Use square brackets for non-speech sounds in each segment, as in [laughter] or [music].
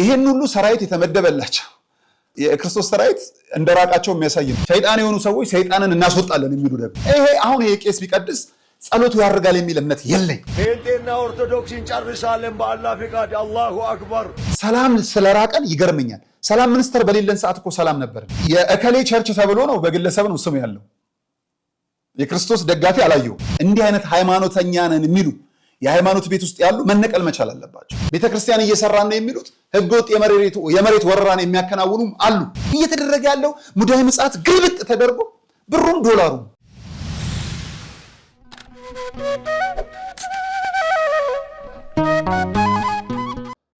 ይሄን ሁሉ ሰራዊት የተመደበላቸው የክርስቶስ ሰራዊት እንደራቃቸው የሚያሳይ ነው። ሰይጣን የሆኑ ሰዎች ሰይጣንን እናስወጣለን የሚሉ ደግሞ ይሄ አሁን ይሄ ቄስ ቢቀድስ ጸሎቱ ያደርጋል የሚል እምነት የለኝ። ጴንጤና ኦርቶዶክስ እንጨርሳለን በአላህ ፍቃድ። አላሁ አክበር። ሰላም ስለራቀን ይገርመኛል። ሰላም ሚኒስተር በሌለን ሰዓት እኮ ሰላም ነበር። የእከሌ ቸርች ተብሎ ነው በግለሰብ ነው ስም ያለው። የክርስቶስ ደጋፊ አላየው። እንዲህ አይነት ሃይማኖተኛ ነን የሚሉ የሃይማኖት ቤት ውስጥ ያሉ መነቀል መቻል አለባቸው። ቤተክርስቲያን እየሰራን ነው የሚሉት ህገወጥ የመሬት ወረራን የሚያከናውኑም አሉ። እየተደረገ ያለው ሙዳይ ምጽዋት ግልብጥ ተደርጎ ብሩም ዶላሩ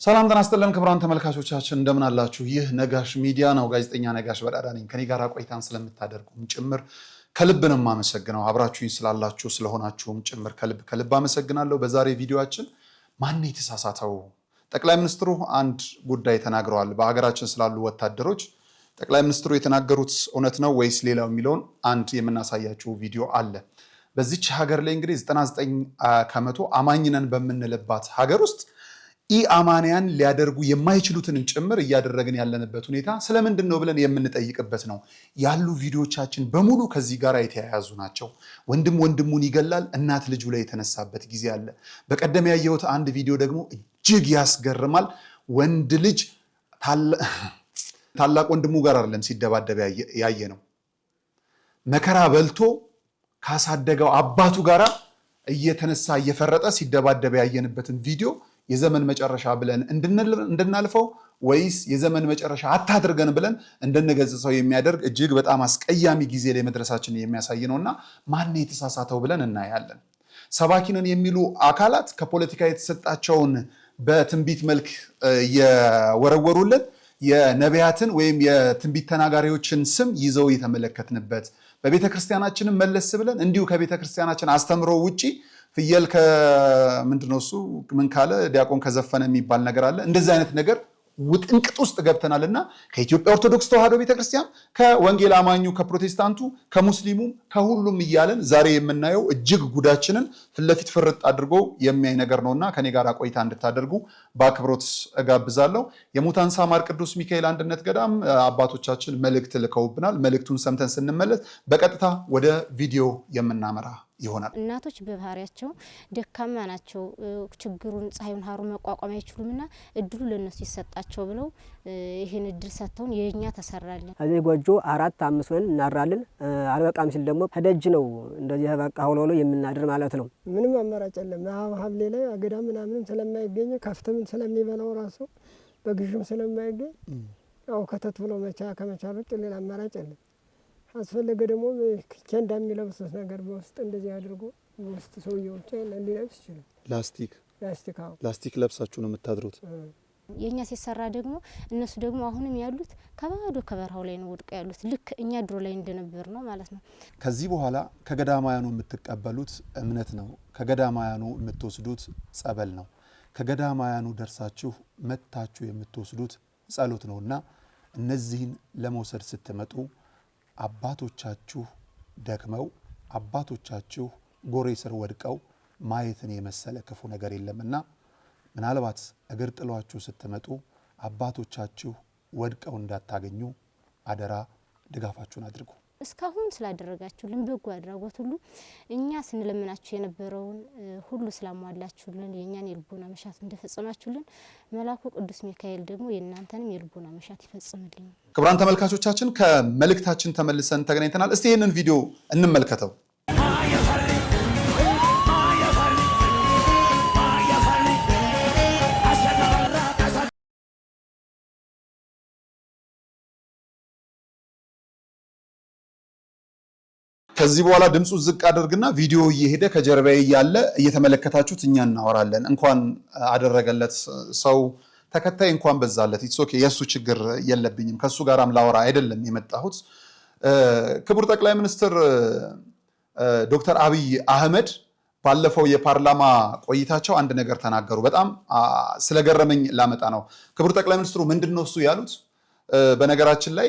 ሰላም ጤና ይስጥልን ክቡራን ተመልካቾቻችን እንደምን አላችሁ? ይህ ነጋሽ ሚዲያ ነው። ጋዜጠኛ ነጋሽ በዳዳ ነኝ። ከኔ ጋር ቆይታን ስለምታደርጉም ጭምር ከልብ ነው የማመሰግነው አብራችሁኝ ስላላችሁ ስለሆናችሁም ጭምር ከልብ ከልብ አመሰግናለሁ። በዛሬ ቪዲዮችን ማን የተሳሳተው? ጠቅላይ ሚኒስትሩ አንድ ጉዳይ ተናግረዋል። በሀገራችን ስላሉ ወታደሮች ጠቅላይ ሚኒስትሩ የተናገሩት እውነት ነው ወይስ ሌላው የሚለውን አንድ የምናሳያችሁ ቪዲዮ አለ። በዚች ሀገር ላይ እንግዲህ 99 ከመቶ አማኝነን በምንልባት ሀገር ውስጥ ኢአማንያን ሊያደርጉ የማይችሉትንም ጭምር እያደረግን ያለንበት ሁኔታ ስለምንድን ነው ብለን የምንጠይቅበት ነው። ያሉ ቪዲዮቻችን በሙሉ ከዚህ ጋር የተያያዙ ናቸው። ወንድም ወንድሙን ይገላል፣ እናት ልጁ ላይ የተነሳበት ጊዜ አለ። በቀደም ያየሁት አንድ ቪዲዮ ደግሞ እጅግ ያስገርማል። ወንድ ልጅ [sniffs] ታላቅ ወንድሙ ጋር አይደለም ሲደባደብ ያየ ነው። መከራ በልቶ ካሳደገው አባቱ ጋራ እየተነሳ እየፈረጠ ሲደባደብ ያየንበትን ቪዲዮ የዘመን መጨረሻ ብለን እንድናልፈው ወይስ የዘመን መጨረሻ አታድርገን ብለን እንድንገጽሰው የሚያደርግ እጅግ በጣም አስቀያሚ ጊዜ ላይ መድረሳችንን የሚያሳይ ነውና ማን የተሳሳተው ብለን እናያለን። ሰባኪንን የሚሉ አካላት ከፖለቲካ የተሰጣቸውን በትንቢት መልክ የወረወሩለት የነቢያትን ወይም የትንቢት ተናጋሪዎችን ስም ይዘው የተመለከትንበት በቤተ ክርስቲያናችንም መለስ ብለን እንዲሁ ከቤተ ክርስቲያናችን አስተምሮ ውጪ ፍየል ከምንድ እሱ ምን ካለ ዲያቆን ከዘፈነ የሚባል ነገር አለ። እንደዚህ አይነት ነገር ውጥንቅጥ ውስጥ ገብተናል እና ከኢትዮጵያ ኦርቶዶክስ ተዋሕዶ ቤተክርስቲያን ከወንጌል አማኙ ከፕሮቴስታንቱ ከሙስሊሙም ከሁሉም እያለን ዛሬ የምናየው እጅግ ጉዳችንን ፊትለፊት ፍርጥ አድርጎ የሚያይ ነገር ነውና ከኔ ጋር ቆይታ እንድታደርጉ በአክብሮት እጋብዛለሁ። የሙታን ሳማር ቅዱስ ሚካኤል አንድነት ገዳም አባቶቻችን መልእክት ልከውብናል። መልእክቱን ሰምተን ስንመለስ በቀጥታ ወደ ቪዲዮ የምናመራ ይሆናል። እናቶች በባህሪያቸው ደካማ ናቸው። ችግሩን ፀሐዩን ሀሩ መቋቋም ና እድሉ ለእነሱ ይሰጣቸው ብለው ይህን እድል ሰጥተውን የኛ ተሰራለን። እዚህ ጎጆ አራት አምስት ሆነን እናራለን አልበቃም ሲል ደግሞ ከደጅ ነው እንደዚህ በቃ ሆኖ ሆኖ የምናድር ማለት ነው። ምንም አማራጭ የለም። ሀብሌ ላይ አገዳ ምናምንም ስለማይገኝ ከፍትምን ስለሚበላው ራሱ በግዥም ስለማይገኝ ያው ከተት ብሎ መቻ ከመቻል ውጭ ሌላ አማራጭ የለም። አስፈለገ ደግሞ ኬንዳ የሚለብሱት ነገር በውስጥ እንደዚህ አድርጎ ውስጥ ሰውየዎች ሊለብስ ይችላል። ላስቲክ ላስቲክ ላስቲክ ለብሳችሁ ነው የምታድሩት። የእኛ ሲሰራ ደግሞ እነሱ ደግሞ አሁንም ያሉት ከባዶ ከበረሃው ላይ ነው ወድቀው ያሉት ልክ እኛ ድሮ ላይ እንደነበር ነው ማለት ነው። ከዚህ በኋላ ከገዳማያኑ የምትቀበሉት እምነት ነው። ከገዳማያኑ የምትወስዱት ጸበል ነው። ከገዳማያኑ ደርሳችሁ መታችሁ የምትወስዱት ጸሎት እና እነዚህን ለመውሰድ ስትመጡ አባቶቻችሁ ደክመው አባቶቻችሁ ጎሬ ስር ወድቀው ማየትን የመሰለ ክፉ ነገር የለምና ምናልባት እግር ጥሏችሁ ስትመጡ አባቶቻችሁ ወድቀው እንዳታገኙ አደራ ድጋፋችሁን አድርጉ። እስካሁን ስላደረጋችሁልን በጎ አድራጎት ሁሉ እኛ ስንለምናችሁ የነበረውን ሁሉ ስላሟላችሁልን የእኛን የልቦና መሻት እንደፈጸማችሁልን መላኩ ቅዱስ ሚካኤል ደግሞ የእናንተንም የልቦና መሻት ይፈጽምልኝ። ክቡራን ተመልካቾቻችን ከመልእክታችን ተመልሰን ተገናኝተናል። እስቲ ይህንን ቪዲዮ እንመልከተው። ከዚህ በኋላ ድምፁ ዝቅ አድርግና ቪዲዮ እየሄደ ከጀርባዬ እያለ እየተመለከታችሁት እኛ እናወራለን። እንኳን አደረገለት ሰው ተከታይ እንኳን በዛለት ኦኬ የእሱ ችግር የለብኝም ከእሱ ጋራም ላወራ አይደለም የመጣሁት። ክቡር ጠቅላይ ሚኒስትር ዶክተር አብይ አህመድ ባለፈው የፓርላማ ቆይታቸው አንድ ነገር ተናገሩ። በጣም ስለገረመኝ ላመጣ ነው። ክቡር ጠቅላይ ሚኒስትሩ ምንድን ነው እሱ ያሉት? በነገራችን ላይ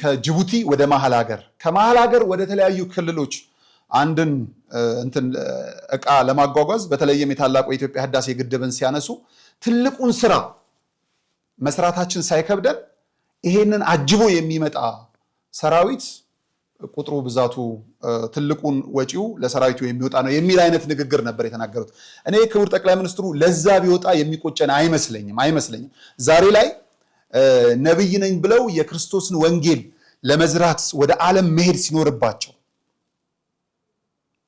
ከጅቡቲ ወደ መሀል ሀገር፣ ከመሀል ሀገር ወደ ተለያዩ ክልሎች አንድን እንትን እቃ ለማጓጓዝ በተለይም የታላቁ የኢትዮጵያ ህዳሴ ግድብን ሲያነሱ ትልቁን ስራ መስራታችን ሳይከብደን ይሄንን አጅቦ የሚመጣ ሰራዊት ቁጥሩ ብዛቱ ትልቁን ወጪው ለሰራዊቱ የሚወጣ ነው የሚል አይነት ንግግር ነበር የተናገሩት። እኔ ክቡር ጠቅላይ ሚኒስትሩ ለዛ ቢወጣ የሚቆጨን አይመስለኝም አይመስለኝም። ዛሬ ላይ ነቢይ ነኝ ብለው የክርስቶስን ወንጌል ለመዝራት ወደ ዓለም መሄድ ሲኖርባቸው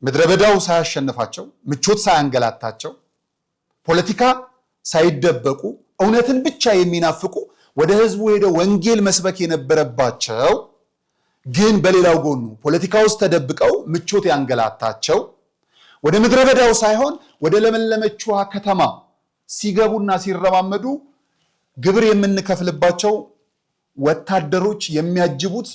ምድረ በዳው ሳያሸንፋቸው፣ ምቾት ሳያንገላታቸው፣ ፖለቲካ ሳይደበቁ እውነትን ብቻ የሚናፍቁ ወደ ህዝቡ ሄደው ወንጌል መስበክ የነበረባቸው ግን በሌላው ጎኑ ፖለቲካ ውስጥ ተደብቀው ምቾት ያንገላታቸው ወደ ምድረ በዳው ሳይሆን ወደ ለመለመችዋ ከተማ ሲገቡና ሲረማመዱ ግብር የምንከፍልባቸው ወታደሮች የሚያጅቡት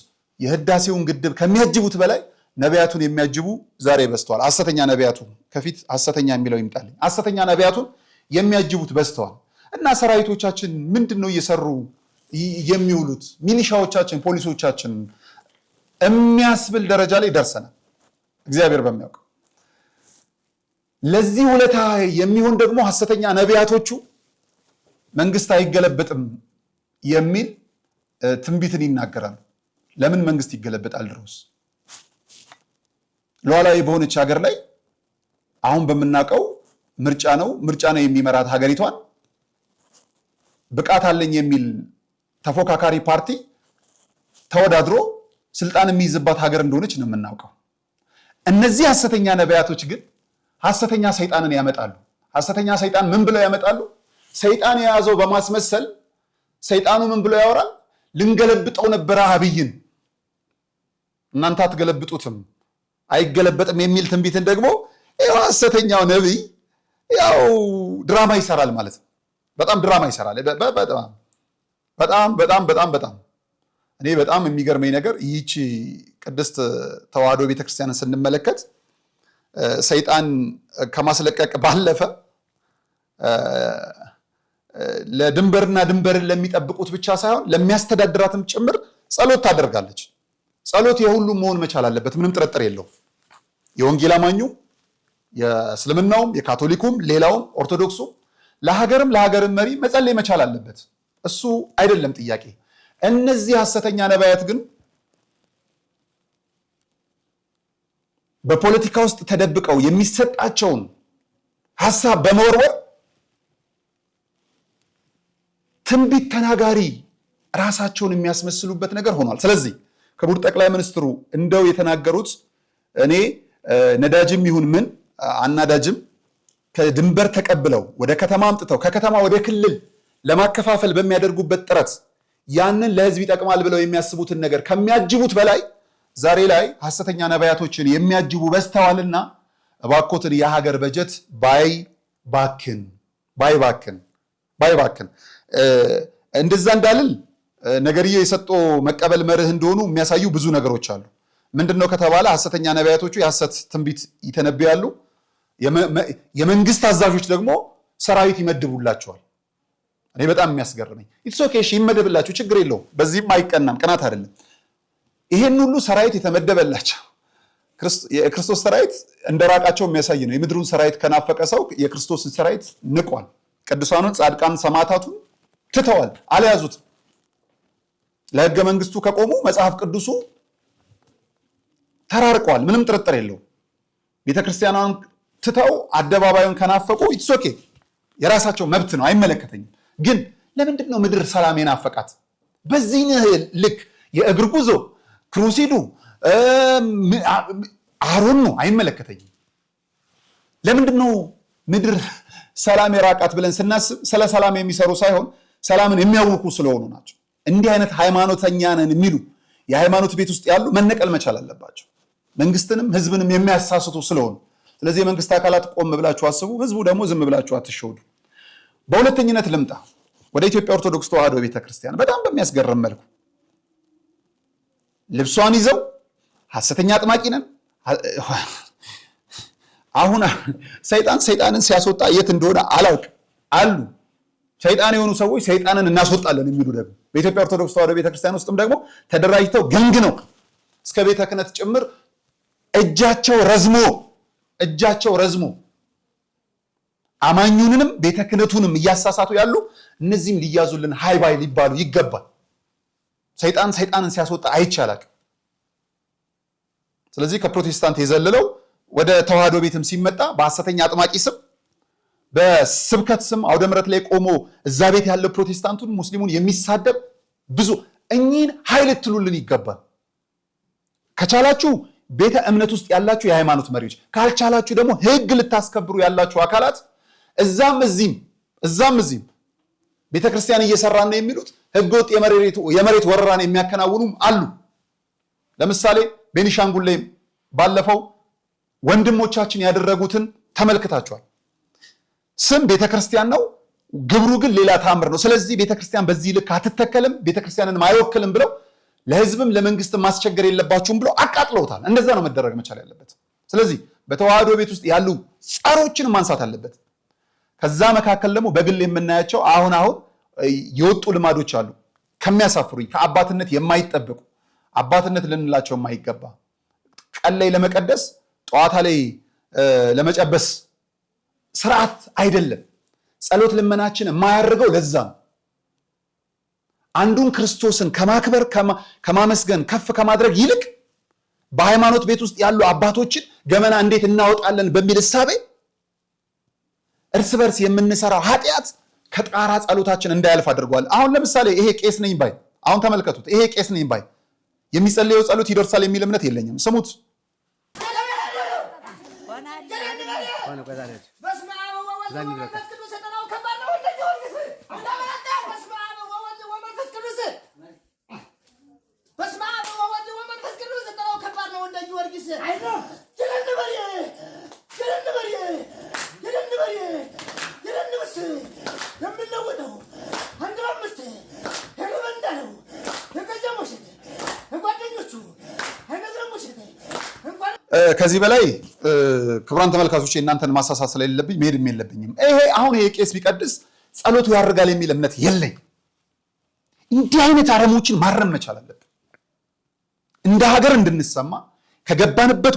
የህዳሴውን ግድብ ከሚያጅቡት በላይ ነቢያቱን የሚያጅቡ ዛሬ በዝተዋል። ሐሰተኛ ነቢያቱ ከፊት ሐሰተኛ የሚለው ይምጣልኝ። ሐሰተኛ ነቢያቱን የሚያጅቡት በዝተዋል። እና ሰራዊቶቻችን ምንድን ነው እየሰሩ የሚውሉት? ሚሊሻዎቻችን ፖሊሶቻችን የሚያስብል ደረጃ ላይ ደርሰናል። እግዚአብሔር በሚያውቀው ለዚህ ውለታ የሚሆን ደግሞ ሐሰተኛ ነቢያቶቹ መንግስት አይገለበጥም የሚል ትንቢትን ይናገራሉ። ለምን መንግስት ይገለበጣል? ድሮስ ሉዓላዊ በሆነች ሀገር ላይ አሁን በምናውቀው ምርጫ ነው ምርጫ ነው የሚመራት ሀገሪቷን ብቃት አለኝ የሚል ተፎካካሪ ፓርቲ ተወዳድሮ ስልጣን የሚይዝባት ሀገር እንደሆነች ነው የምናውቀው። እነዚህ ሐሰተኛ ነቢያቶች ግን ሐሰተኛ ሰይጣንን ያመጣሉ። ሐሰተኛ ሰይጣን ምን ብለው ያመጣሉ? ሰይጣን የያዘው በማስመሰል ሰይጣኑ ምን ብሎ ያወራል? ልንገለብጠው ነበረ አብይን፣ እናንተ አትገለብጡትም፣ አይገለበጥም የሚል ትንቢትን ደግሞ ይኸው ሐሰተኛው ነቢይ ያው ድራማ ይሰራል ማለት ነው። በጣም ድራማ ይሰራል። በጣም በጣም በጣም በጣም እኔ በጣም የሚገርመኝ ነገር ይህቺ ቅድስት ተዋህዶ ቤተክርስቲያንን ስንመለከት ሰይጣን ከማስለቀቅ ባለፈ ለድንበርና ድንበርን ለሚጠብቁት ብቻ ሳይሆን ለሚያስተዳድራትም ጭምር ጸሎት ታደርጋለች። ጸሎት የሁሉም መሆን መቻል አለበት፣ ምንም ጥርጥር የለው። የወንጌል አማኙ የእስልምናውም፣ የካቶሊኩም፣ ሌላውም ኦርቶዶክሱም ለሀገርም ለሀገርም መሪ መጸለይ መቻል አለበት። እሱ አይደለም ጥያቄ። እነዚህ ሐሰተኛ ነቢያት ግን በፖለቲካ ውስጥ ተደብቀው የሚሰጣቸውን ሀሳብ በመወርወር ትንቢት ተናጋሪ ራሳቸውን የሚያስመስሉበት ነገር ሆኗል። ስለዚህ ክቡር ጠቅላይ ሚኒስትሩ እንደው የተናገሩት እኔ ነዳጅም ይሁን ምን አናዳጅም ከድንበር ተቀብለው ወደ ከተማ አምጥተው ከከተማ ወደ ክልል ለማከፋፈል በሚያደርጉበት ጥረት ያንን ለህዝብ ይጠቅማል ብለው የሚያስቡትን ነገር ከሚያጅቡት በላይ ዛሬ ላይ ሐሰተኛ ነቢያቶችን የሚያጅቡ በዝተዋልና እባኮትን የሀገር በጀት ባይ ባክን ባይ ባክን ባይ ባክን እንደዛ እንዳልል ነገርዬ የሰጦ መቀበል መርህ እንደሆኑ የሚያሳዩ ብዙ ነገሮች አሉ። ምንድን ነው ከተባለ ሐሰተኛ ነቢያቶቹ የሐሰት ትንቢት ይተነብያሉ። የመንግስት አዛዦች ደግሞ ሰራዊት ይመድቡላቸዋል። እኔ በጣም የሚያስገርመኝ ኢትስ ኦኬ እሺ ችግር የለውም። በዚህም አይቀናም፣ ቅናት አይደለም። ይሄን ሁሉ ሰራዊት የተመደበላቸው የክርስቶስ ሰራዊት እንደራቃቸው የሚያሳይ ነው። የምድሩን ሰራዊት ከናፈቀ ሰው የክርስቶስን ሰራዊት ንቋል። ቅዱሳኑን፣ ጻድቃን፣ ሰማዕታቱን ትተዋል፣ አልያዙትም። ለህገ መንግስቱ ከቆሙ መጽሐፍ ቅዱሱ ተራርቀዋል። ምንም ጥርጥር የለውም። ቤተክርስቲያኗን ትተው አደባባዩን ከናፈቁ ኢትስ ኦኬ የራሳቸው መብት ነው፣ አይመለከተኝም። ግን ለምንድን ነው ምድር ሰላም የናፈቃት? በዚህ ልክ የእግር ጉዞ ክሩሲዱ አሮን ነው አይመለከተኝም። ለምንድን ነው ምድር ሰላም የራቃት ብለን ስናስብ ስለ ሰላም የሚሰሩ ሳይሆን ሰላምን የሚያውቁ ስለሆኑ ናቸው። እንዲህ አይነት ሃይማኖተኛ ነን የሚሉ የሃይማኖት ቤት ውስጥ ያሉ መነቀል መቻል አለባቸው። መንግስትንም ህዝብንም የሚያሳስቱ ስለሆኑ ስለዚህ የመንግስት አካላት ቆም ብላችሁ አስቡ። ህዝቡ ደግሞ ዝም ብላችሁ አትሸወዱ። በሁለተኝነት ልምጣ ወደ ኢትዮጵያ ኦርቶዶክስ ተዋሕዶ ቤተክርስቲያን በጣም በሚያስገርም መልኩ ልብሷን ይዘው ሐሰተኛ አጥማቂ ነን አሁን ሰይጣን ሰይጣንን ሲያስወጣ የት እንደሆነ አላውቅ አሉ ሰይጣን የሆኑ ሰዎች ሰይጣንን እናስወጣለን የሚሉ ደግሞ በኢትዮጵያ ኦርቶዶክስ ተዋህዶ ቤተክርስቲያን ውስጥም ደግሞ ተደራጅተው ነው እስከ ቤተ ክህነት ጭምር እጃቸው ረዝሞ እጃቸው ረዝሞ አማኙንንም ቤተ ክህነቱንም እያሳሳቱ ያሉ እነዚህም ሊያዙልን ሃይባይ ሊባሉ ይገባል። ሰይጣን ሰይጣንን ሲያስወጣ አይቻላል። ስለዚህ ከፕሮቴስታንት የዘለለው ወደ ተዋህዶ ቤትም ሲመጣ በሐሰተኛ አጥማቂ ስም በስብከት ስም አውደ ላይ ቆሞ እዛ ቤት ያለ ፕሮቴስታንቱን ሙስሊሙን የሚሳደብ ብዙ እኚህን ሀይል ትሉልን ይገባል። ከቻላችሁ ቤተ እምነት ውስጥ ያላችሁ የሃይማኖት መሪዎች ካልቻላችሁ ደግሞ ህግ ልታስከብሩ ያላችሁ አካላት እዛም እዚህም እዛም እዚህም ቤተ ክርስቲያን ነው የሚሉት ህገወጥ ወጥ የመሬት ወረራን የሚያከናውኑም አሉ። ለምሳሌ ቤኒሻንጉል ባለፈው ወንድሞቻችን ያደረጉትን ተመልክታችኋል። ስም ቤተ ክርስቲያን ነው፣ ግብሩ ግን ሌላ ተአምር ነው። ስለዚህ ቤተክርስቲያን በዚህ ልክ አትተከልም፣ ቤተክርስቲያንን አይወክልም ብለው ለህዝብም ለመንግስት ማስቸገር የለባችሁም ብሎ አቃጥለውታል። እንደዛ ነው መደረግ መቻል ያለበት። ስለዚህ በተዋህዶ ቤት ውስጥ ያሉ ጸሮችን ማንሳት አለበት። ከዛ መካከል ደግሞ በግል የምናያቸው አሁን አሁን የወጡ ልማዶች አሉ ከሚያሳፍሩኝ ከአባትነት የማይጠበቁ አባትነት ልንላቸው የማይገባ ቀን ላይ ለመቀደስ ጠዋታ ላይ ለመጨበስ ስርዓት አይደለም። ጸሎት ልመናችን የማያደርገው ለዛ ነው። አንዱን ክርስቶስን ከማክበር ከማመስገን ከፍ ከማድረግ ይልቅ በሃይማኖት ቤት ውስጥ ያሉ አባቶችን ገመና እንዴት እናወጣለን በሚል እሳቤ እርስ በርስ የምንሰራው ኃጢአት ከጣራ ጸሎታችን እንዳያልፍ አድርጓል። አሁን ለምሳሌ ይሄ ቄስ ነኝ ባይ አሁን ተመልከቱት። ይሄ ቄስ ነኝ ባይ የሚጸለየው ጸሎት ይደርሳል የሚል እምነት የለኝም። ስሙት። በስመ አብ ወወልድ ወመንፈስ ቅዱስ። ጥላው ከባድ ነው። እንደ ጊዮርጊስ ጀለን አንድ አምስት ሄግበ እንዳለው የቀጀሞ ሸት ከዚህ በላይ ክቡራን ተመልካቾች እናንተን ማሳሳት ስለሌለብኝ መሄድም የለብኝም። ይሄ አሁን ይሄ ቄስ ቢቀድስ ጸሎቱ ያደርጋል የሚል እምነት የለኝ። እንዲህ አይነት አረሞችን ማረም መቻል አለብን። እንደ ሀገር እንድንሰማ ከገባንበት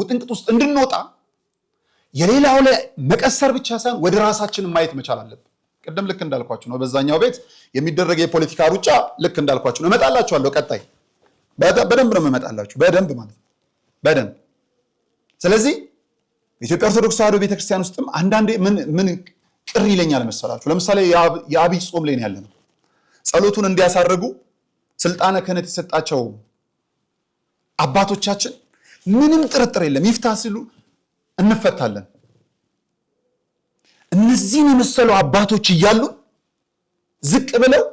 ውጥንቅጥ ውስጥ እንድንወጣ የሌላው ላይ መቀሰር ብቻ ሳይሆን ወደ ራሳችን ማየት መቻል አለብን። ቅድም ልክ እንዳልኳችሁ ነው። በዛኛው ቤት የሚደረገ የፖለቲካ ሩጫ ልክ እንዳልኳችሁ ነው። እመጣላችኋለሁ። ቀጣይ በደንብ ነው የምመጣላችሁ። በደንብ ማለት በደንብ ስለዚህ በኢትዮጵያ ኦርቶዶክስ ተዋሕዶ ቤተክርስቲያን ውስጥም አንዳንዴ ምን ምን ቅር ይለኛል መሰላችሁ? ለምሳሌ የአብይ ጾም ላይ ያለ ነው። ጸሎቱን እንዲያሳርጉ ስልጣነ ክህነት የሰጣቸው አባቶቻችን ምንም ጥርጥር የለም ይፍታ ሲሉ እንፈታለን። እነዚህን የመሰሉ አባቶች እያሉ ዝቅ ብለው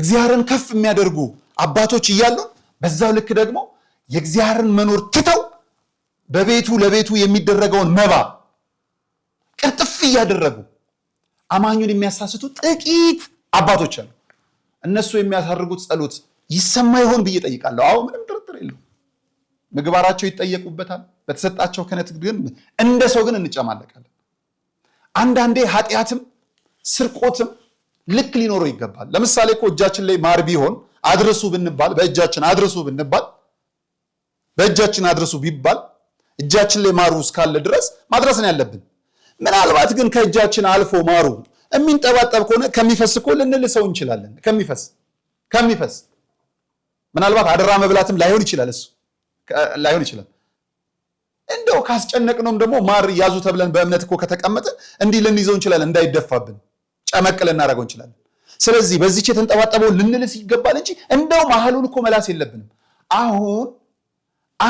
እግዚአብሔርን ከፍ የሚያደርጉ አባቶች እያሉ በዛው ልክ ደግሞ የእግዚአብሔርን መኖር ትተው በቤቱ ለቤቱ የሚደረገውን መባ ቅርጥፍ እያደረጉ አማኙን የሚያሳስቱ ጥቂት አባቶች አሉ። እነሱ የሚያሳርጉት ጸሎት ይሰማ ይሆን ብዬ ጠይቃለሁ። አሁ ምንም ምግባራቸው ይጠየቁበታል። በተሰጣቸው ክህነት ግን እንደ ሰው ግን እንጨማለቃለን። አንዳንዴ ኃጢአትም ስርቆትም ልክ ሊኖረው ይገባል። ለምሳሌ እኮ እጃችን ላይ ማር ቢሆን አድርሱ ብንባል በእጃችን አድርሱ ብንባል በእጃችን አድርሱ ቢባል እጃችን ላይ ማሩ እስካለ ድረስ ማድረስ ነው ያለብን። ምናልባት ግን ከእጃችን አልፎ ማሩ የሚንጠባጠብ ከሆነ ከሚፈስ እኮ ሰው እንችላለን። ከሚፈስ ከሚፈስ ምናልባት አደራ መብላትም ላይሆን ይችላል እሱ ላይሆን ይችላል። እንደው ካስጨነቅነውም ደግሞ ማር ያዙ ተብለን በእምነት እኮ ከተቀመጠ እንዲህ ልንይዘው እንችላለን፣ እንዳይደፋብን ጨመቅ ልናደርገው እንችላለን። ስለዚህ በዚች የተንጠባጠበው ልንልስ ይገባል እንጂ እንደው መሀሉን እኮ መላስ የለብንም። አሁን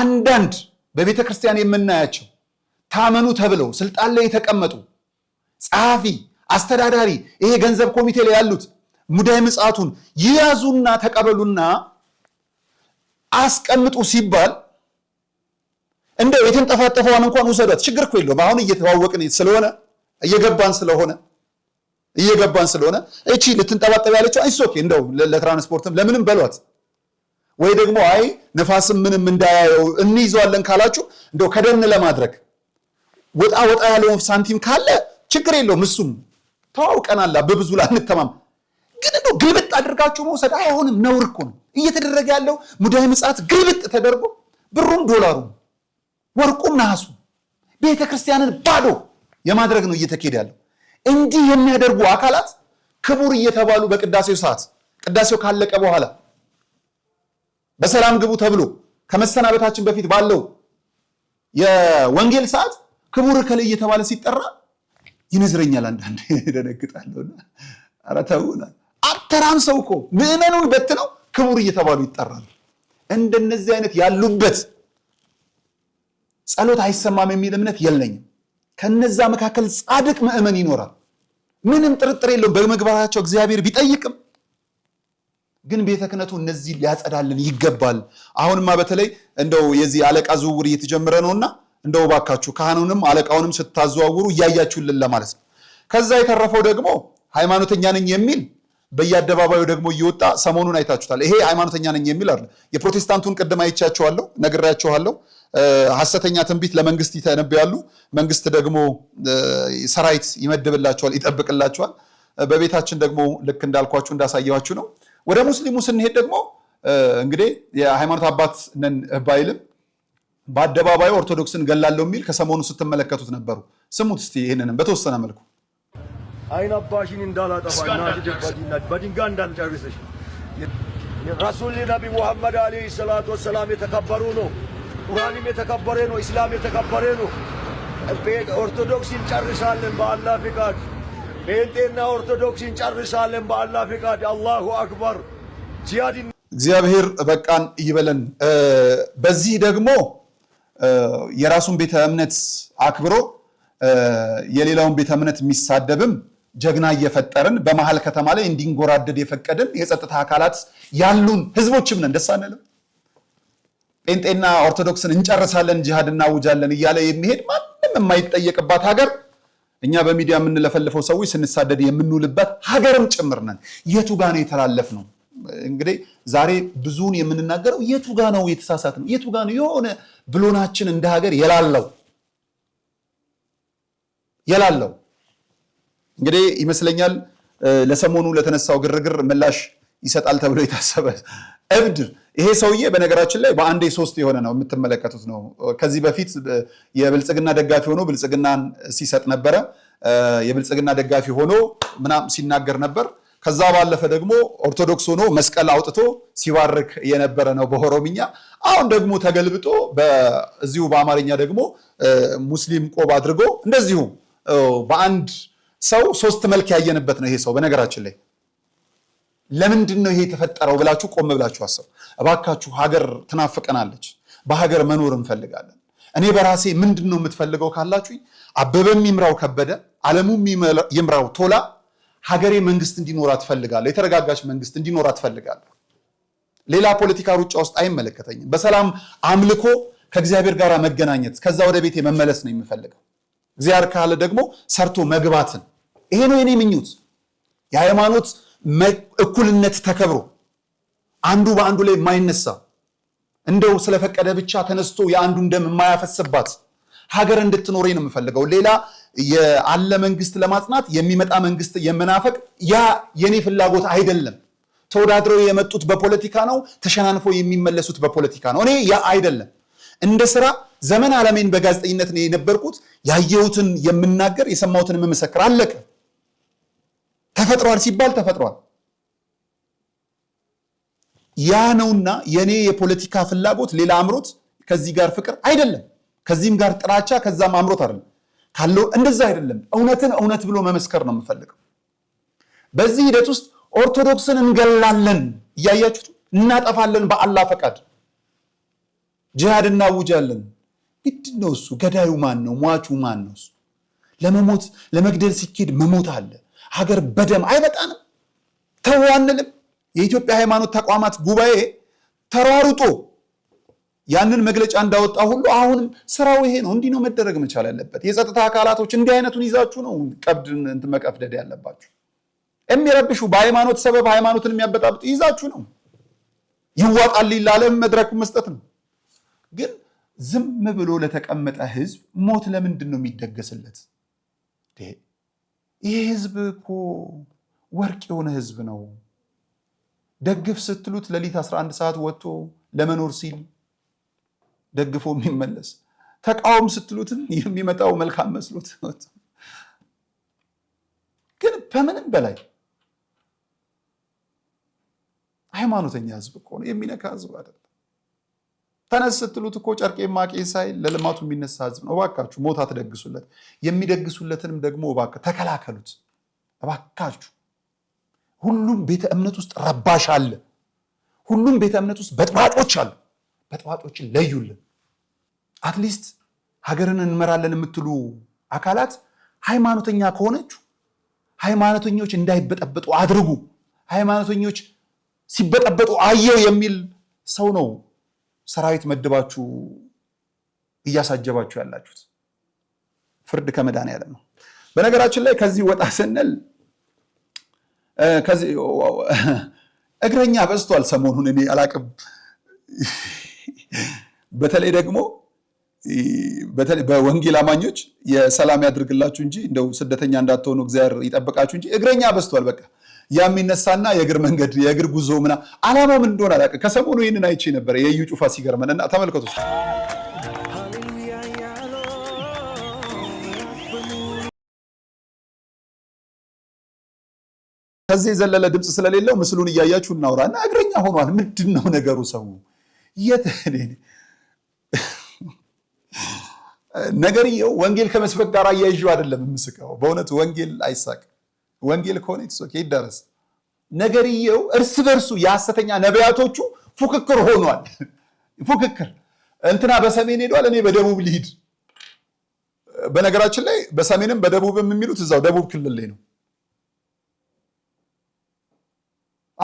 አንዳንድ በቤተ ክርስቲያን የምናያቸው ታመኑ ተብለው ስልጣን ላይ የተቀመጡ ጸሐፊ፣ አስተዳዳሪ ይሄ ገንዘብ ኮሚቴ ላይ ያሉት ሙዳይ ምጽአቱን ይያዙና ተቀበሉና አስቀምጡ ሲባል እንደው የተንጠፋጠፈዋን እንኳን ውሰዷት፣ ችግር እኮ የለውም። አሁን እየተዋወቅን ስለሆነ እየገባን ስለሆነ እየገባን ስለሆነ እቺ ልትንጠባጠብ ያለችው አይስ ኦኬ፣ እንደው ለትራንስፖርትም ለምንም በሏት። ወይ ደግሞ አይ ነፋስም ምንም እንዳያየው እንይዘዋለን ካላችሁ እንደው ከደን ለማድረግ ወጣ ወጣ ያለውን ሳንቲም ካለ ችግር የለውም። እሱም ተዋውቀናላ በብዙ ላይ ግን እንደው ግልብጥ አድርጋችሁ መውሰድ አይሆንም፣ ነውር እኮ ነው እየተደረገ ያለው። ሙዳይ ምጽአት ግልብጥ ተደርጎ ብሩም ዶላሩም ወርቁም ነሐሱ ቤተ ክርስቲያንን ባዶ የማድረግ ነው እየተካሄደ ያለው። እንዲህ የሚያደርጉ አካላት ክቡር እየተባሉ በቅዳሴው ሰዓት ቅዳሴው ካለቀ በኋላ በሰላም ግቡ ተብሎ ከመሰናበታችን በፊት ባለው የወንጌል ሰዓት ክቡር እከሌ እየተባለ ሲጠራ ይነዝረኛል። አንዳንድ [laughs] ደነግጣለሁና ኧረ ተውና አተራም ሰው እኮ ምዕመኑን በትነው ክቡር እየተባሉ ይጠራሉ። እንደነዚህ አይነት ያሉበት ጸሎት አይሰማም የሚል እምነት የለኝም። ከነዛ መካከል ጻድቅ ምእመን ይኖራል። ምንም ጥርጥር የለውም በመግባታቸው እግዚአብሔር ቢጠይቅም ግን ቤተ ክህነቱ እነዚህ ሊያጸዳልን ይገባል። አሁንማ በተለይ እንደው የዚህ አለቃ ዝውውር እየተጀመረ ነውና እንደው ባካችሁ ካህኑንም አለቃውንም ስታዘዋውሩ እያያችሁልን ለማለት ነው። ከዛ የተረፈው ደግሞ ሃይማኖተኛ ነኝ የሚል በየአደባባዩ ደግሞ እየወጣ ሰሞኑን አይታችሁታል። ይሄ ሃይማኖተኛ ነኝ የሚል አይደል። የፕሮቴስታንቱን ቅድም አይቻችኋለሁ፣ ነግሬያችኋለሁ። ሐሰተኛ ትንቢት ለመንግስት ይተነብያሉ፣ መንግስት ደግሞ ሰራዊት ይመድብላቸዋል፣ ይጠብቅላቸዋል። በቤታችን ደግሞ ልክ እንዳልኳችሁ እንዳሳየኋችሁ ነው። ወደ ሙስሊሙ ስንሄድ ደግሞ እንግዲህ የሃይማኖት አባት ነን ባይልም በአደባባዩ ኦርቶዶክስን ገላለው የሚል ከሰሞኑ ስትመለከቱት ነበሩ። ስሙት እስቲ ይህንንም በተወሰነ መልኩ አይን አባሽን እንዳላጠፋ እናት በድንጋይ እንዳልጨርስሽ ረሱል ነቢ ሙሐመድ አለይሂ ሰላቱ ወሰላም የተከበሩ ነው። ቁርአንም የተከበረ ነው። እስላም የተከበረ ነው። ኦርቶዶክስ እንጨርሳለን በአላህ ፍቃድ። ጴንጤና ኦርቶዶክስ እንጨርሳለን በአላህ ፍቃድ። አላሁ አክበር። ጂሃድ እግዚአብሔር በቃን ይበለን። በዚህ ደግሞ የራሱን ቤተ እምነት አክብሮ የሌላውን ቤተ እምነት የሚሳደብም ጀግና እየፈጠርን በመሀል ከተማ ላይ እንዲንጎራደድ የፈቀድን የጸጥታ አካላት ያሉን ህዝቦችም ነን። ደስ አንልም። ጴንጤና ኦርቶዶክስን እንጨርሳለን፣ ጂሃድ እናውጃለን እያለ የሚሄድ ማንም የማይጠየቅባት ሀገር፣ እኛ በሚዲያ የምንለፈልፈው ሰዎች ስንሳደድ የምንውልበት ሀገርም ጭምር ነን። የቱ ጋ ነው የተላለፍ ነው? እንግዲህ ዛሬ ብዙውን የምንናገረው የቱ ጋ ነው የተሳሳት ነው? የቱ ጋ ነው የሆነ ብሎናችን እንደ ሀገር የላለው የላለው እንግዲህ ይመስለኛል ለሰሞኑ ለተነሳው ግርግር ምላሽ ይሰጣል ተብሎ የታሰበ እብድ። ይሄ ሰውዬ በነገራችን ላይ በአንዴ ሶስት የሆነ ነው የምትመለከቱት ነው። ከዚህ በፊት የብልጽግና ደጋፊ ሆኖ ብልጽግናን ሲሰጥ ነበረ። የብልጽግና ደጋፊ ሆኖ ምናም ሲናገር ነበር። ከዛ ባለፈ ደግሞ ኦርቶዶክስ ሆኖ መስቀል አውጥቶ ሲባርክ የነበረ ነው በኦሮምኛ። አሁን ደግሞ ተገልብጦ በዚሁ በአማርኛ ደግሞ ሙስሊም ቆብ አድርጎ እንደዚሁ በአንድ ሰው ሶስት መልክ ያየንበት ነው ይሄ ሰው። በነገራችን ላይ ለምንድን ነው ይሄ የተፈጠረው ብላችሁ ቆም ብላችሁ አስቡ እባካችሁ። ሀገር ትናፍቀናለች፣ በሀገር መኖር እንፈልጋለን። እኔ በራሴ ምንድን ነው የምትፈልገው ካላችሁኝ፣ አበበም ይምራው ከበደ፣ አለሙም ይምራው ቶላ፣ ሀገሬ መንግስት እንዲኖራት እፈልጋለሁ። የተረጋጋች መንግስት እንዲኖራ አትፈልጋለሁ ሌላ ፖለቲካ ሩጫ ውስጥ አይመለከተኝም። በሰላም አምልኮ ከእግዚአብሔር ጋር መገናኘት፣ ከዛ ወደ ቤቴ መመለስ ነው የምፈልገው። እግዚአብሔር ካለ ደግሞ ሰርቶ መግባትን ይሄ ነው የኔ ምኞት። የሃይማኖት እኩልነት ተከብሮ አንዱ በአንዱ ላይ የማይነሳ እንደው ስለፈቀደ ብቻ ተነስቶ የአንዱን ደም የማያፈስባት ሀገር እንድትኖር ነው የምፈልገው። ሌላ አለ መንግስት ለማጽናት የሚመጣ መንግስት የመናፈቅ ያ የኔ ፍላጎት አይደለም። ተወዳድረው የመጡት በፖለቲካ ነው፣ ተሸናንፎ የሚመለሱት በፖለቲካ ነው። እኔ ያ አይደለም። እንደ ስራ ዘመን አለሜን በጋዜጠኝነት ነው የነበርኩት። ያየሁትን የምናገር የሰማሁትን የምመሰክር አለቀ። ተፈጥሯል ሲባል ተፈጥሯል። ያ ነውና የኔ የፖለቲካ ፍላጎት ሌላ አምሮት ከዚህ ጋር ፍቅር አይደለም፣ ከዚህም ጋር ጥላቻ፣ ከዛም አምሮት አይደለም ካለው እንደዛ አይደለም። እውነትን እውነት ብሎ መመስከር ነው የምፈልገው። በዚህ ሂደት ውስጥ ኦርቶዶክስን እንገላለን፣ እያያችሁት እናጠፋለን፣ በአላህ ፈቃድ ጅሃድ እናውጃለን። ግድ ነው እሱ። ገዳዩ ማን ነው? ሟቹ ማን ነው? እሱ ለመሞት ለመግደል ሲኬድ መሞት አለ። ሀገር በደም አይበጣንም? ተዋንንም? የኢትዮጵያ ሃይማኖት ተቋማት ጉባኤ ተሯሩጦ ያንን መግለጫ እንዳወጣ ሁሉ አሁንም ስራው ይሄ ነው። እንዲህ ነው መደረግ መቻል ያለበት። የጸጥታ አካላቶች እንዲህ አይነቱን ይዛችሁ ነው ቀብድ እንትን መቀፍደድ ያለባችሁ። የሚረብሹ በሃይማኖት ሰበብ ሃይማኖትን የሚያበጣብጡ ይዛችሁ ነው። ይዋጣል ላለም መድረኩ መስጠት ነው። ግን ዝም ብሎ ለተቀመጠ ህዝብ ሞት ለምንድን ነው የሚደገስለት? ይህ ህዝብ እኮ ወርቅ የሆነ ህዝብ ነው። ደግፍ ስትሉት ሌሊት 11 ሰዓት ወጥቶ ለመኖር ሲል ደግፎ የሚመለስ ተቃውም ስትሉትም የሚመጣው መልካም መስሎት ግን ከምንም በላይ ሃይማኖተኛ ህዝብ እኮ ነው። የሚነካ ህዝብ አይደለም። ተነስ ስትሉት እኮ ጨርቄ ማቄ ሳይ ለልማቱ የሚነሳ ህዝብ ነው። እባካችሁ ሞት አትደግሱለት። የሚደግሱለትንም ደግሞ እባክህ ተከላከሉት። እባካችሁ ሁሉም ቤተ እምነት ውስጥ ረባሽ አለ። ሁሉም ቤተ እምነት ውስጥ በጥባጮች አሉ። በጥባጮችን ለዩልን። አትሊስት ሀገርን እንመራለን የምትሉ አካላት ሃይማኖተኛ ከሆነች ሃይማኖተኞች እንዳይበጠበጡ አድርጉ። ሃይማኖተኞች ሲበጠበጡ አየው የሚል ሰው ነው ሰራዊት መድባችሁ እያሳጀባችሁ ያላችሁት? ፍርድ ያለ ነው። በነገራችን ላይ ከዚህ ወጣ ስንል እግረኛ በዝቷል። ሰሞኑን እኔ አላቅም። በተለይ ደግሞ በወንጌል አማኞች የሰላም ያድርግላችሁ እንጂ እንደው ስደተኛ እንዳትሆኑ እግዚአብሔር ይጠብቃችሁ እንጂ እግረኛ በዝቷል። በቃ ያሚነሳና የእግር መንገድ የእግር ጉዞ ምና አላማ ምን እንደሆነ አላውቅም። ከሰሞኑ ይህንን አይቼ ነበረ የዩ ጩፋ ሲገርመን እና ተመልከቱ። ከዚህ የዘለለ ድምፅ ስለሌለው ምስሉን እያያችሁ እናውራ እና እግረኛ ሆኗል። ምንድን ነው ነገሩ? ሰው ነገርየው ወንጌል ከመስበክ ጋር አያይዤው አይደለም የምስቀው። በእውነቱ ወንጌል አይሳቅም። ወንጌል ከሆነ ይደረስ። ነገርየው እርስ በርሱ የሐሰተኛ ነቢያቶቹ ፉክክር ሆኗል። [laughs] ፉክክር እንትና በሰሜን ሄዷል፣ እኔ በደቡብ ልሂድ። በነገራችን ላይ በሰሜንም በደቡብም የሚሉት እዛው ደቡብ ክልል ላይ ነው።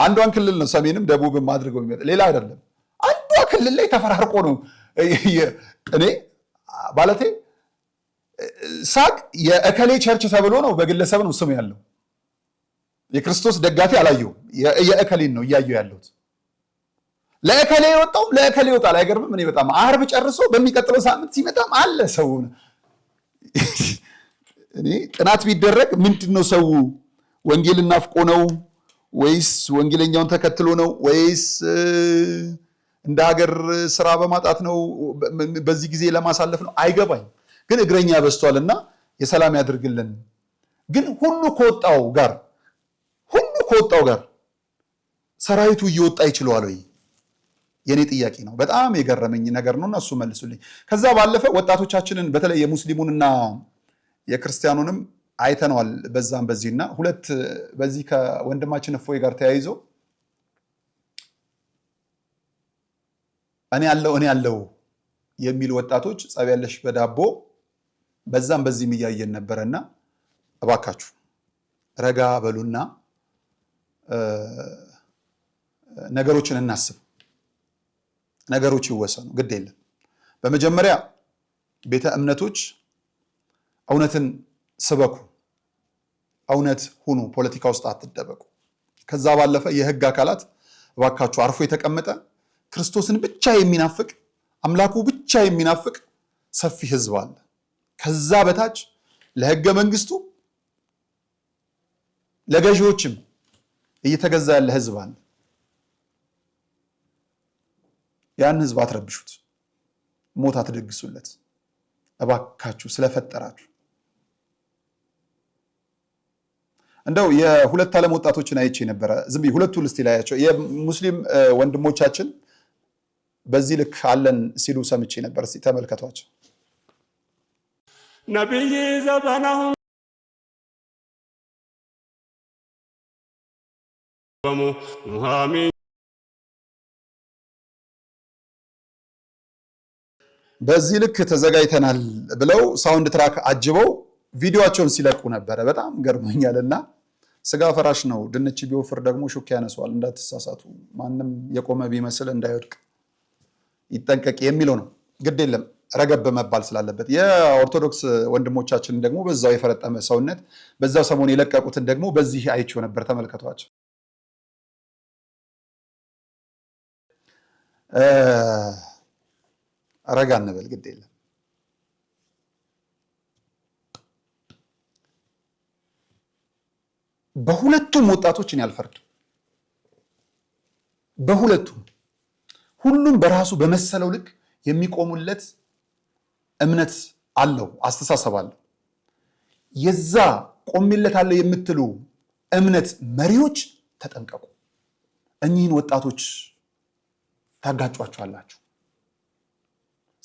አንዷን ክልል ነው ሰሜንም ደቡብም አድርገው የሚመጣ ሌላ አይደለም። አንዷ ክልል ላይ ተፈራርቆ ነው። እኔ ባለቴ ሳቅ የእከሌ ቸርች ተብሎ ነው በግለሰብ ነው ስም ያለው የክርስቶስ ደጋፊ አላየሁም። የእከሌን ነው እያየሁ ያለሁት። ለእከሌ የወጣው ለእከሌ ይወጣል። አይገርምም? እኔ በጣም አርብ ጨርሶ በሚቀጥለው ሳምንት ሲመጣም አለ ሰው። እኔ ጥናት ቢደረግ ምንድን ነው ሰው ወንጌልን ናፍቆ ነው ወይስ ወንጌለኛውን ተከትሎ ነው ወይስ እንደ ሀገር ስራ በማጣት ነው በዚህ ጊዜ ለማሳለፍ ነው አይገባኝ። ግን እግረኛ እና የሰላም ያድርግልን። ግን ሁሉ ከወጣው ጋር ከወጣው ጋር ሰራዊቱ እየወጣ ይችለዋል ወይ? የኔ ጥያቄ ነው። በጣም የገረመኝ ነገር ነው እና እሱ መልሱልኝ። ከዛ ባለፈ ወጣቶቻችንን በተለይ የሙስሊሙንና የክርስቲያኑንም አይተነዋል በዛም በዚህና ሁለት በዚህ ከወንድማችን እፎይ ጋር ተያይዞ እኔ ያለው እኔ ያለው የሚል ወጣቶች ጸብ ያለሽ በዳቦ በዛም በዚህም እያየን ነበረና እባካችሁ ረጋ በሉና ነገሮችን እናስብ፣ ነገሮች ይወሰኑ፣ ግድ የለም። በመጀመሪያ ቤተ እምነቶች እውነትን ስበኩ፣ እውነት ሁኑ፣ ፖለቲካ ውስጥ አትደበቁ። ከዛ ባለፈ የህግ አካላት እባካችሁ አርፎ የተቀመጠ ክርስቶስን ብቻ የሚናፍቅ አምላኩ ብቻ የሚናፍቅ ሰፊ ህዝብ አለ። ከዛ በታች ለህገ መንግስቱ ለገዢዎችም እየተገዛ ያለ ህዝብ አለ። ያን ህዝብ አትረብሹት፣ ሞት አትደግሱለት። እባካችሁ ስለፈጠራችሁ እንደው የሁለት ዓለም ወጣቶችን አይቼ ነበረ። ዝም ሁለቱ ልስት ላያቸው የሙስሊም ወንድሞቻችን በዚህ ልክ አለን ሲሉ ሰምቼ ነበር። ተመልከቷቸው ነቢይ ዘበናሁ Vamos, በዚህ ልክ ተዘጋጅተናል ብለው ሳውንድ ትራክ አጅበው ቪዲዮቸውን ሲለቁ ነበረ። በጣም ገርሞኛል። እና ስጋ ፈራሽ ነው። ድንች ቢወፍር ደግሞ ሹክ ያነሷል። እንዳትሳሳቱ፣ ማንም የቆመ ቢመስል እንዳይወድቅ ይጠንቀቅ የሚለው ነው። ግድ የለም ረገብ መባል ስላለበት የኦርቶዶክስ ወንድሞቻችን ደግሞ በዛው የፈረጠመ ሰውነት በዛው ሰሞን የለቀቁትን ደግሞ በዚህ አይቼው ነበር። ተመልከቷቸው። ረጋ እንበል ግድ የለም። በሁለቱም ወጣቶችን ያልፈርድ በሁለቱም ሁሉም በራሱ በመሰለው ልክ የሚቆሙለት እምነት አለው፣ አስተሳሰብ አለው። የዛ ቆሚለት አለው የምትሉ እምነት መሪዎች ተጠንቀቁ፣ እኚህን ወጣቶች ታጋጯቸዋላችሁ።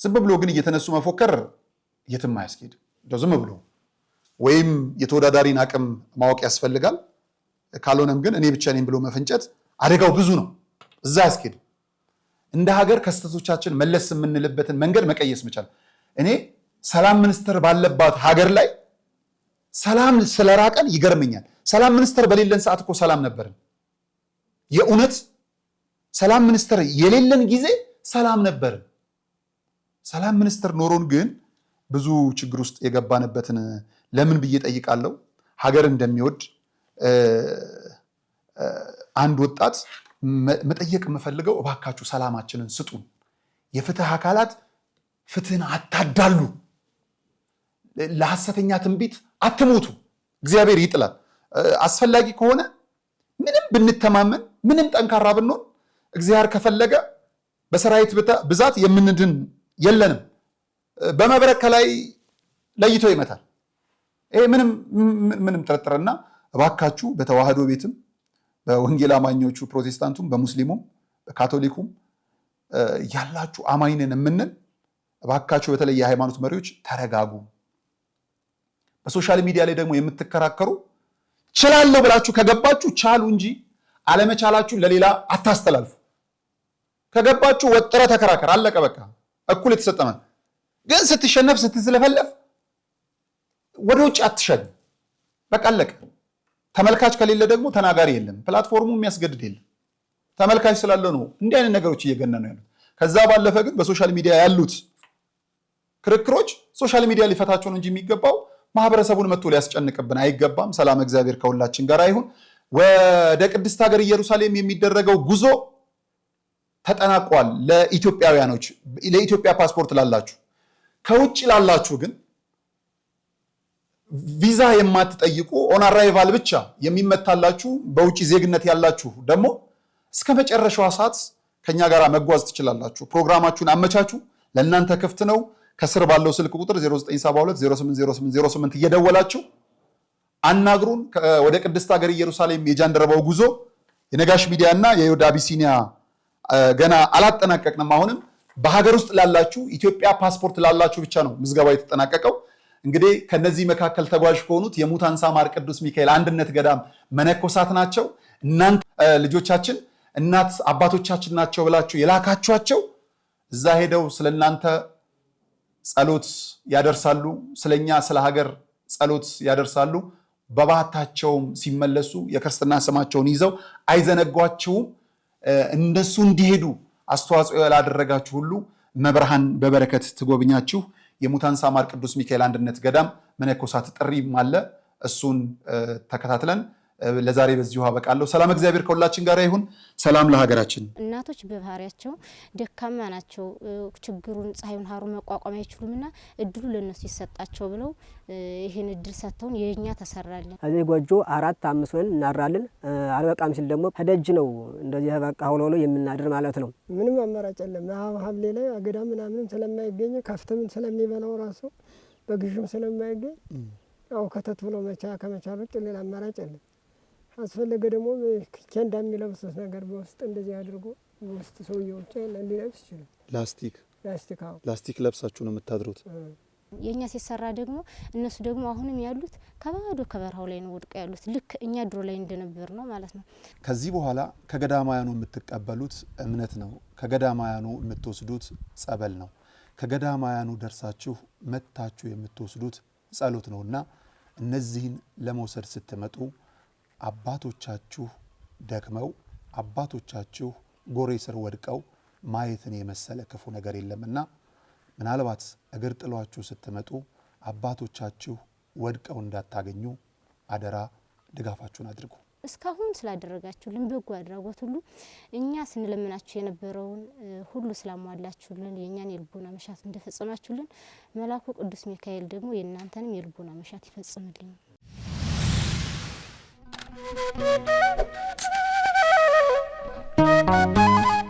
ዝም ብሎ ግን እየተነሱ መፎከር የትም አያስኬድ። ዝም ብሎ ወይም የተወዳዳሪን አቅም ማወቅ ያስፈልጋል። ካልሆነም ግን እኔ ብቻ ነኝ ብሎ መፈንጨት አደጋው ብዙ ነው። እዛ ያስኬድ። እንደ ሀገር ከስተቶቻችን መለስ የምንልበትን መንገድ መቀየስ መቻል። እኔ ሰላም ሚኒስትር ባለባት ሀገር ላይ ሰላም ስለራቀን ይገርመኛል። ሰላም ሚኒስትር በሌለን ሰዓት እኮ ሰላም ነበርን የእውነት ሰላም ሚኒስትር የሌለን ጊዜ ሰላም ነበር። ሰላም ሚኒስትር ኖሮን ግን ብዙ ችግር ውስጥ የገባንበትን ለምን ብዬ ጠይቃለሁ። ሀገር እንደሚወድ አንድ ወጣት መጠየቅ የምፈልገው እባካችሁ ሰላማችንን ስጡን፣ የፍትህ አካላት ፍትህን አታዳሉ፣ ለሐሰተኛ ትንቢት አትሞቱ። እግዚአብሔር ይጥላል። አስፈላጊ ከሆነ ምንም ብንተማመን ምንም ጠንካራ ብንሆን እግዚአብሔር ከፈለገ በሰራዊት ብዛት የምንድን የለንም። በመብረቅ ከላይ ለይቶ ይመታል። ይሄ ምንም ጥርጥርና እባካችሁ በተዋህዶ ቤትም በወንጌል አማኞቹ ፕሮቴስታንቱም በሙስሊሙም በካቶሊኩም ያላችሁ አማኝነን የምንል እባካችሁ በተለይ የሃይማኖት መሪዎች ተረጋጉ። በሶሻል ሚዲያ ላይ ደግሞ የምትከራከሩ ችላለሁ ብላችሁ ከገባችሁ ቻሉ እንጂ አለመቻላችሁን ለሌላ አታስተላልፉ። ከገባችሁ ወጥረ ተከራከር፣ አለቀ በቃ። እኩል የተሰጠመ ግን ስትሸነፍ ስትዝለፈለፍ ወደ ውጭ አትሸግ፣ በቃ አለቀ። ተመልካች ከሌለ ደግሞ ተናጋሪ የለም። ፕላትፎርሙ የሚያስገድድ የለም። ተመልካች ስላለ ነው እንዲህ አይነት ነገሮች ነው ያሉት። ከዛ ባለፈ ግን በሶሻል ሚዲያ ያሉት ክርክሮች ሶሻል ሚዲያ ነው እንጂ የሚገባው ማህበረሰቡን መጥቶ ሊያስጨንቅብን አይገባም። ሰላም እግዚአብሔር ከሁላችን ጋር ይሁን። ወደ ቅድስት ሀገር ኢየሩሳሌም የሚደረገው ጉዞ ተጠናቋል። ለኢትዮጵያውያኖች ለኢትዮጵያ ፓስፖርት ላላችሁ፣ ከውጭ ላላችሁ ግን ቪዛ የማትጠይቁ ኦን አራይቫል ብቻ የሚመታላችሁ በውጭ ዜግነት ያላችሁ ደግሞ እስከ መጨረሻዋ ሰዓት ከኛ ጋር መጓዝ ትችላላችሁ። ፕሮግራማችሁን አመቻቹ። ለእናንተ ክፍት ነው። ከስር ባለው ስልክ ቁጥር 0972080808 እየደወላችሁ አናግሩን። ወደ ቅድስት ሀገር ኢየሩሳሌም የጃንደረባው ጉዞ የነጋሽ ሚዲያ እና የዮድ አቢሲኒያ ገና አላጠናቀቅንም። አሁንም በሀገር ውስጥ ላላችሁ ኢትዮጵያ ፓስፖርት ላላችሁ ብቻ ነው ምዝገባ የተጠናቀቀው። እንግዲህ ከነዚህ መካከል ተጓዥ ከሆኑት የሙታንሳ ማር ቅዱስ ሚካኤል አንድነት ገዳም መነኮሳት ናቸው። እናንተ ልጆቻችን እናት አባቶቻችን ናቸው ብላችሁ የላካችኋቸው እዛ ሄደው ስለ እናንተ ጸሎት ያደርሳሉ፣ ስለኛ ስለ ሀገር ጸሎት ያደርሳሉ። በባህታቸውም ሲመለሱ የክርስትና ስማቸውን ይዘው አይዘነጓቸውም። እነሱ እንዲሄዱ አስተዋጽኦ ያላደረጋችሁ ሁሉ መብርሃን በበረከት ትጎብኛችሁ። የሙታንሳ ማር ቅዱስ ሚካኤል አንድነት ገዳም መነኮሳት ጥሪም አለ። እሱን ተከታትለን ለዛሬ በዚሁ አበቃለሁ። ሰላም እግዚአብሔር ከሁላችን ጋር ይሁን። ሰላም ለሀገራችን። እናቶች በባህሪያቸው ደካማ ናቸው። ችግሩን ፀሐዩን ሀሩ መቋቋም አይችሉምና እድሉ ለእነሱ ይሰጣቸው ብለው ይህን እድል ሰጥተውን የእኛ ተሰራለን። እዚህ ጎጆ አራት አምስት ወን እናራለን። አልበቃም ሲል ደግሞ ከደጅ ነው እንደዚህ በቃ ሆኖ ሆኖ የምናድር ማለት ነው። ምንም አማራጭ የለም። ሐምሌ ላይ አገዳ ምናምንም ስለማይገኝ ከፍትምን ስለሚበላው ራሱ በግዥም ስለማይገኝ ያው ከተት ብሎ መቻ ከመቻል ውጭ ሌላ አማራጭ የለም። አስፈለገ ደግሞ ኬንዳ የሚለብሱት ነገር በውስጥ እንደዚህ አድርጎ ውስጥ ሰውየዎች ሊለብስ ይችላል። ላስቲክ ላስቲክ ላስቲክ ለብሳችሁ ነው የምታድሩት። የእኛ ሲሰራ ደግሞ እነሱ ደግሞ አሁንም ያሉት ከባዶ ከበረሃው ላይ ነው ወድቀው ያሉት ልክ እኛ ድሮ ላይ እንደነበር ነው ማለት ነው። ከዚህ በኋላ ከገዳማያኑ የምትቀበሉት እምነት ነው። ከገዳማያኑ የምትወስዱት ጸበል ነው። ከገዳማያኑ ደርሳችሁ መታችሁ የምትወስዱት ጸሎት እና እነዚህን ለመውሰድ ስትመጡ አባቶቻችሁ ደክመው አባቶቻችሁ ጎሬ ስር ወድቀው ማየትን የመሰለ ክፉ ነገር የለምና ምናልባት እግር ጥሏችሁ ስትመጡ አባቶቻችሁ ወድቀው እንዳታገኙ አደራ ድጋፋችሁን አድርጉ። እስካሁን ስላደረጋችሁልን በጎ አድራጎት ሁሉ እኛ ስንለምናችሁ የነበረውን ሁሉ ስላሟላችሁልን የእኛን የልቦና መሻት እንደፈጸማችሁልን መላኩ ቅዱስ ሚካኤል ደግሞ የእናንተንም የልቦና መሻት ይፈጽምልኝ። Thank you.